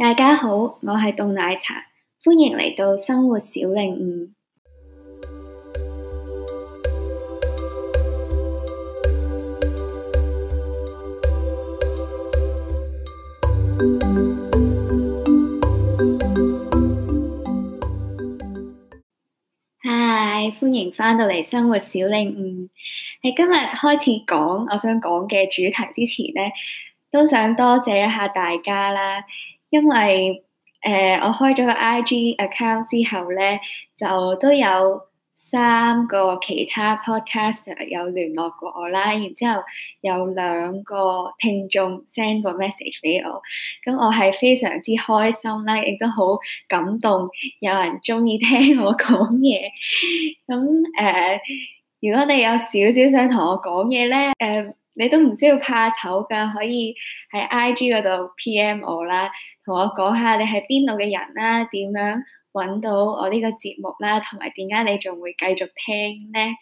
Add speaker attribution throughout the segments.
Speaker 1: 大家好，我係凍奶茶，歡迎嚟到生活小領悟。Hi，歡迎翻到嚟生活小領悟。喺今日開始講我想講嘅主題之前呢，都想多謝一下大家啦。因為誒、呃，我開咗個 I G account 之後咧，就都有三個其他 podcaster 有聯絡過我啦，然之後有兩個聽眾 send 個 message 俾我，咁我係非常之開心啦，亦都好感動，有人中意聽我講嘢，咁 誒、嗯呃，如果你有少少想同我講嘢咧，誒、呃。你都唔需要怕醜噶，可以喺 IG 嗰度 PM 我啦，同我講下你係邊度嘅人啦，點樣揾到我呢個節目啦，同埋點解你仲會繼續聽咧？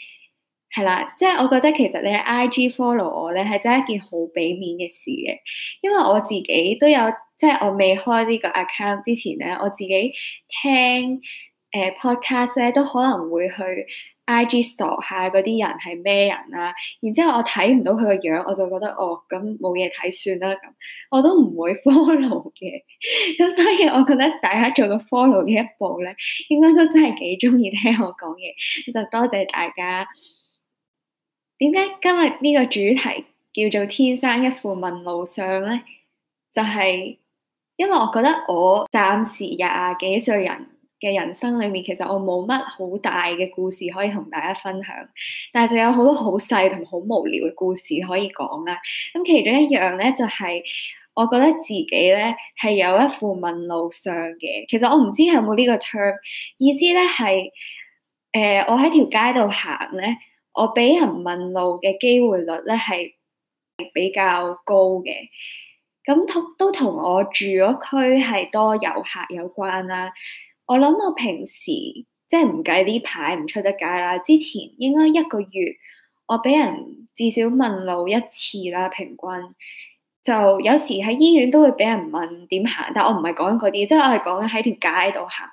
Speaker 1: 係啦，即、就、係、是、我覺得其實你喺 IG follow 我咧，係真係一件好俾面嘅事嘅，因為我自己都有即係、就是、我未開呢個 account 之前咧，我自己聽誒、呃、podcast 呢都可能會去。I G store 下嗰啲人係咩人啊？然之後我睇唔到佢個樣，我就覺得哦，咁冇嘢睇算啦。咁我都唔會 follow 嘅。咁 所以，我覺得大家做到 follow 嘅一步咧，應該都真係幾中意聽我講嘢。就多謝大家。點解今日呢個主題叫做天生一副問路相咧？就係、是、因為我覺得我暫時廿幾歲人嘅人生裏面，其實我冇乜好大嘅故事可以同大家分享，但係就有好多好細同好無聊嘅故事可以講啦。咁其中一樣咧，就係我覺得自己咧係有一副問路相嘅。其實我唔知有冇呢個 term，意思咧係誒我喺條街度行咧，我俾人問路嘅機會率咧係比較高嘅。咁同都同我住嗰區係多遊客有關啦。我諗我平時即係唔計呢排唔出得街啦。之前應該一個月，我俾人至少問路一次啦，平均就有時喺醫院都會俾人問點行。但我唔係講嗰啲，即係我係講緊喺條街度行。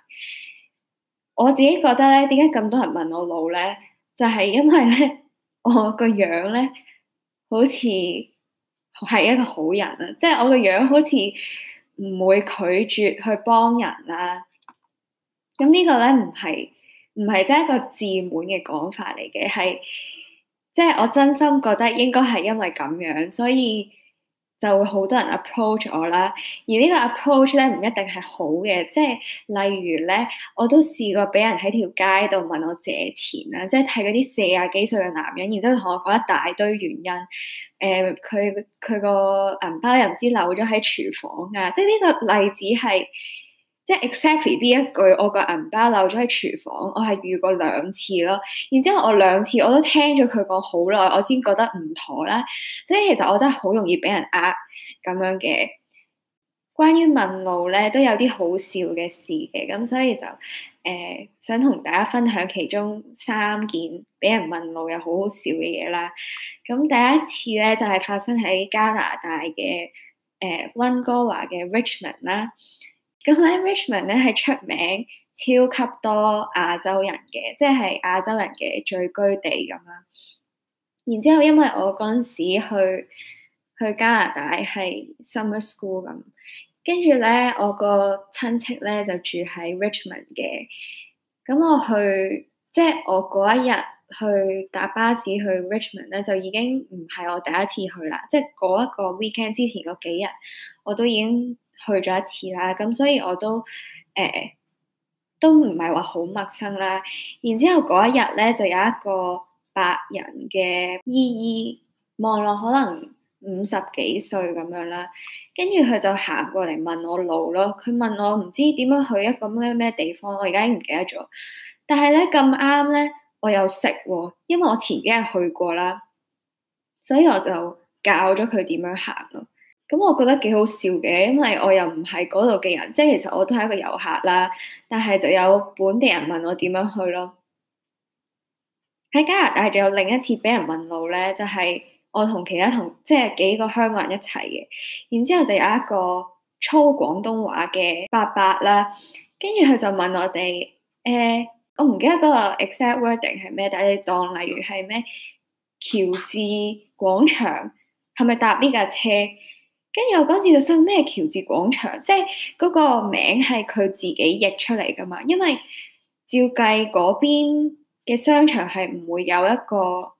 Speaker 1: 我自己覺得咧，點解咁多人問我路咧？就係、是、因為咧，我個樣咧好似係一個好人啊！即、就、係、是、我個樣好似唔會拒絕去幫人啦、啊。咁呢個咧唔係唔係真係一個自滿嘅講法嚟嘅，係即係我真心覺得應該係因為咁樣，所以就會好多人 approach 我啦。而呢個 approach 咧唔一定係好嘅，即係例如咧，我都試過俾人喺條街度問我借錢啦，即係睇嗰啲四十幾歲嘅男人，然之後同我講一大堆原因，誒、呃，佢佢個銀包又唔知漏咗喺廚房啊，即係呢個例子係。即係 exactly 呢一句，我個銀包漏咗喺廚房，我係遇過兩次咯。然之後我兩次我都聽咗佢講好耐，我先覺得唔妥啦。所以其實我真係好容易俾人呃咁樣嘅。關於問路咧，都有啲好笑嘅事嘅，咁所以就誒、呃、想同大家分享其中三件俾人問路又好好笑嘅嘢啦。咁第一次咧就係、是、發生喺加拿大嘅誒溫哥華嘅 Richmond 啦。咁咧 Richmond 咧係出名超級多亞洲人嘅，即係亞洲人嘅聚居地咁啦。然之後，因為我嗰陣時去去加拿大係 summer school 咁，跟住咧我個親戚咧就住喺 Richmond 嘅。咁我去即係我嗰一日去搭巴士去 Richmond 咧，就已經唔係我第一次去啦。即係嗰一個 weekend 之前嗰幾日，我都已經。去咗一次啦，咁所以我都誒、欸、都唔係話好陌生啦。然之後嗰一日咧，就有一個白人嘅姨姨，望落可能五十幾歲咁樣啦。跟住佢就行過嚟問我路咯。佢問我唔知點樣去一個咩咩地方，我而家已經唔記得咗。但係咧咁啱咧，我又識喎，因為我前幾日去過啦，所以我就教咗佢點樣行咯。咁我覺得幾好笑嘅，因為我又唔係嗰度嘅人，即係其實我都係一個遊客啦。但係就有本地人問我點樣去咯。喺加拿大仲有另一次俾人問路咧，就係、是、我同其他同即係幾個香港人一齊嘅，然之後就有一個操廣東話嘅伯伯啦，跟住佢就問我哋，誒，我唔記得嗰個 exact wording 係咩，但係你當例如係咩喬治廣場係咪搭呢架車？跟住我嗰次就收咩喬治廣場，即係嗰個名係佢自己譯出嚟噶嘛，因為照計嗰邊嘅商場係唔會有一個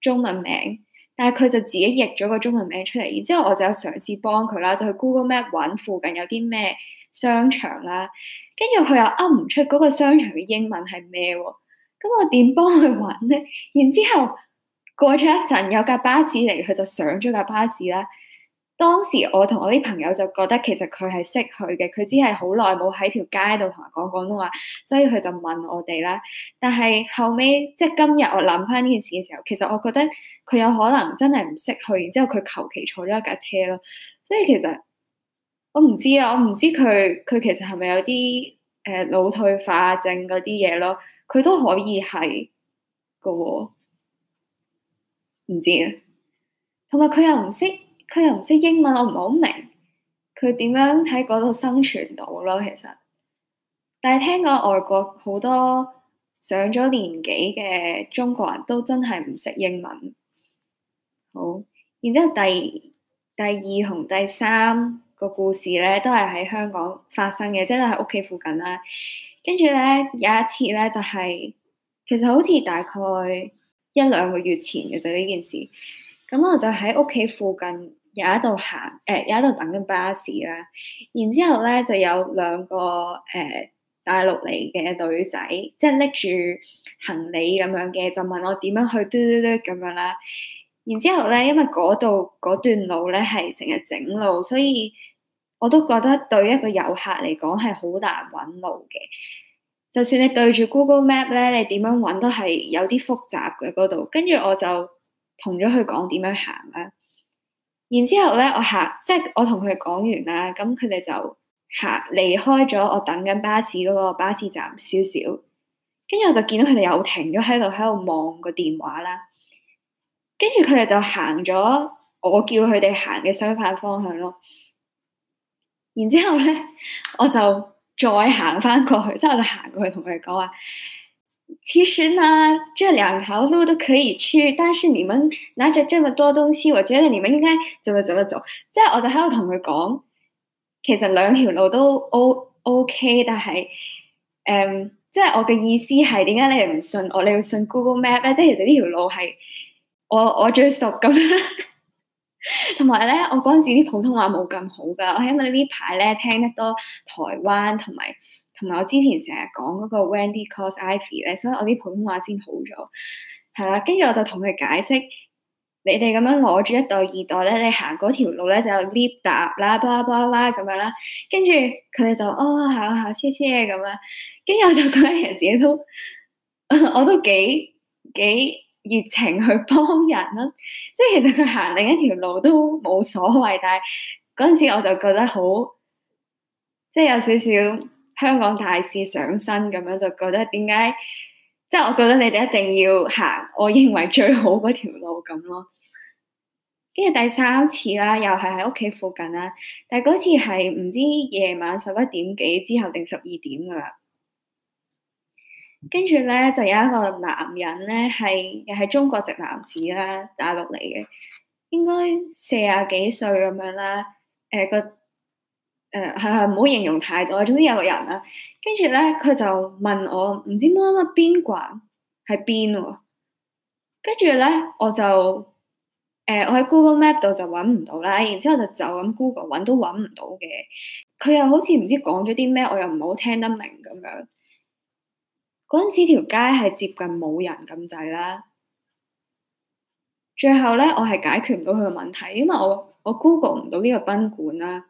Speaker 1: 中文名，但係佢就自己譯咗個中文名出嚟。然之後我就有嘗試幫佢啦，就去 Google Map 搵附近有啲咩商場啦。跟住佢又噏唔出嗰個商場嘅英文係咩，咁我點幫佢搵咧？然之後過咗一陣有架巴士嚟，佢就上咗架巴士啦。當時我同我啲朋友就覺得其實佢係識佢嘅，佢只係好耐冇喺條街度同人講廣東話，所以佢就問我哋啦。但係後尾，即係今日我諗翻呢件事嘅時候，其實我覺得佢有可能真係唔識佢，然之後佢求其坐咗一架車咯。所以其實我唔知啊，我唔知佢佢其實係咪有啲誒腦退化症嗰啲嘢咯，佢都可以係個喎，唔知啊，同埋佢又唔識。佢又唔識英文，我唔係好明佢點樣喺嗰度生存到咯。其實，但係聽講外國好多上咗年紀嘅中國人都真係唔識英文。好，然之後第二第二同第三個故事咧，都係喺香港發生嘅，即係喺屋企附近啦。跟住咧有一次咧，就係、係、其實好似大概一兩個月前嘅就呢件事。咁我就喺屋企附近，又喺度行，誒、呃，又喺度等緊巴士啦。然之後咧，就有兩個誒、呃、大陸嚟嘅女仔，即係拎住行李咁樣嘅，就問我點樣去嘟嘟嘟咁樣啦。然之後咧，因為嗰度嗰段路咧係成日整路，所以我都覺得對一個遊客嚟講係好難揾路嘅。就算你對住 Google Map 咧，你點樣揾都係有啲複雜嘅嗰度。跟住我就。同咗佢講點樣行啦，然之後咧我行，即係我同佢哋講完啦，咁佢哋就行離開咗我等緊巴士嗰個巴士站少少，跟住我就見到佢哋又停咗喺度，喺度望個電話啦，跟住佢哋就行咗我叫佢哋行嘅相反方向咯，然之後咧我就再行翻過去，之後我就行過去同佢哋講話。其實呢，即係這兩條路都可以去，但是你們拿着這麼多東西，我覺得你們應該怎麼怎麼做。即係我就喺度同佢講，其實兩條路都 O OK，但係，誒、嗯，即係我嘅意思係，點解你哋唔信我，你要信 Google Map 咧？即係其實呢條路係我我最熟，咁同埋咧，我嗰陣時啲普通話冇咁好噶，我係因為呢排咧聽得多台灣同埋。同埋我之前成日講嗰個 Wendy c a u s e Ivy 咧，所以我啲普通話先好咗，係啦。跟住我就同佢解釋，你哋咁樣攞住一袋二袋咧，你行嗰條路咧就有 𨋢 搭啦，巴拉巴拉咁樣啦。跟住佢哋就哦，嚇嚇黐黐咁樣。跟住我就覺得人自己都，我都幾幾熱情去幫人啦、啊。即係其實佢行另一條路都冇所謂，但係嗰陣時我就覺得好，即係有少少。香港大使上身咁樣，就覺得點解？即係、就是、我覺得你哋一定要行我認為最好嗰條路咁咯。跟住第三次啦，又係喺屋企附近啦，但係嗰次係唔知夜晚十一點幾之後定十二點噶啦。跟住咧就有一個男人咧係又係中國籍男子啦，大陸嚟嘅，應該四十幾歲咁樣啦，誒、呃、個。誒，係係、呃，唔好形容太多。總之有個人啦，跟住咧，佢就問我唔知乜乜賓館喺邊喎。跟住咧，我就誒、呃，我喺 Google Map 度就揾唔到啦。然之後我就就咁 Google 揾都揾唔到嘅。佢又好似唔知講咗啲咩，我又唔係好聽得明咁樣。嗰陣時條街係接近冇人咁滯啦。最後咧，我係解決唔到佢嘅問題，因為我我 Google 唔到呢個賓館啦。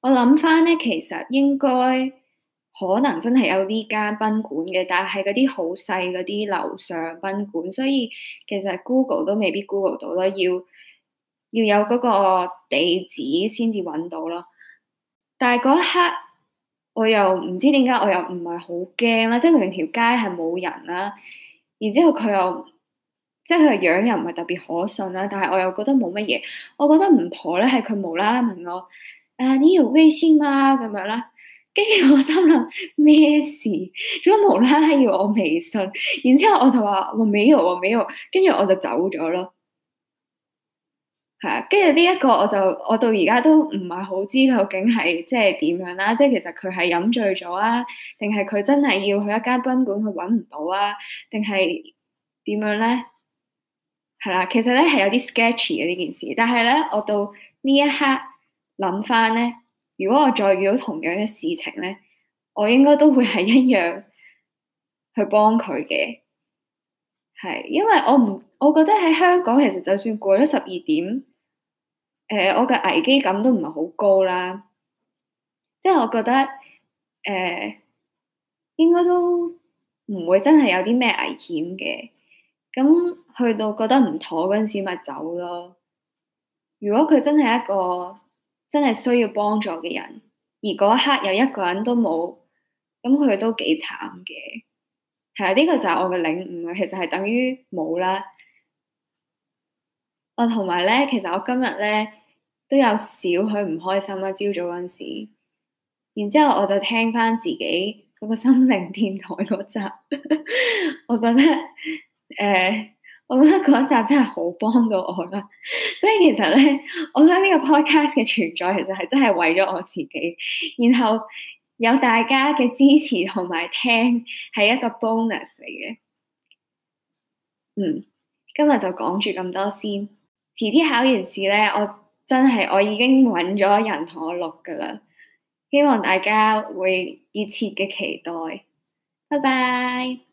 Speaker 1: 我諗翻咧，其實應該可能真係有呢間賓館嘅，但係嗰啲好細嗰啲樓上賓館，所以其實 Google 都未必 Google 到啦，要要有嗰個地址先至搵到咯。但係嗰一刻，我又唔知點解，我又唔係好驚啦，即係連條街係冇人啦。然之後佢又即係佢個樣又唔係特別可信啦，但係我又覺得冇乜嘢。我覺得唔妥咧，係佢無啦啦問我。誒，uh, 你有微信嗎？咁樣啦，跟住我心諗咩事？做乜無啦啦要我微信，然之後我就話我未有，我未有，跟住我就走咗咯。係啊，跟住呢一個我就我到而家都唔係好知究竟係即係點樣啦，即係其實佢係飲醉咗啊，定係佢真係要去一間賓館去搵唔到啊，定係點樣咧？係啦，其實咧係有啲 sketchy 嘅呢件事，但係咧我到呢一刻。諗翻咧，如果我再遇到同樣嘅事情咧，我應該都會係一樣去幫佢嘅，係因為我唔，我覺得喺香港其實就算過咗十二點，誒、呃，我嘅危機感都唔係好高啦，即係我覺得誒、呃，應該都唔會真係有啲咩危險嘅，咁去到覺得唔妥嗰陣時咪走咯。如果佢真係一個。真係需要幫助嘅人，而嗰一刻又一個人都冇，咁佢都幾慘嘅。係啊，呢個就係我嘅領悟，其實係等於冇啦。哦，同埋咧，其實我今日咧都有少許唔開心啦。朝早嗰陣時，然之後我就聽翻自己嗰個心靈電台嗰集， 我覺得誒。呃我覺得嗰集真係好幫到我啦， 所以其實咧，我覺得呢個 podcast 嘅存在其實係真係為咗我自己，然後有大家嘅支持同埋聽係一個 bonus 嚟嘅。嗯，今日就講住咁多先，遲啲考完試咧，我真係我已經揾咗人同我錄㗎喇，希望大家會熱切嘅期待，拜拜。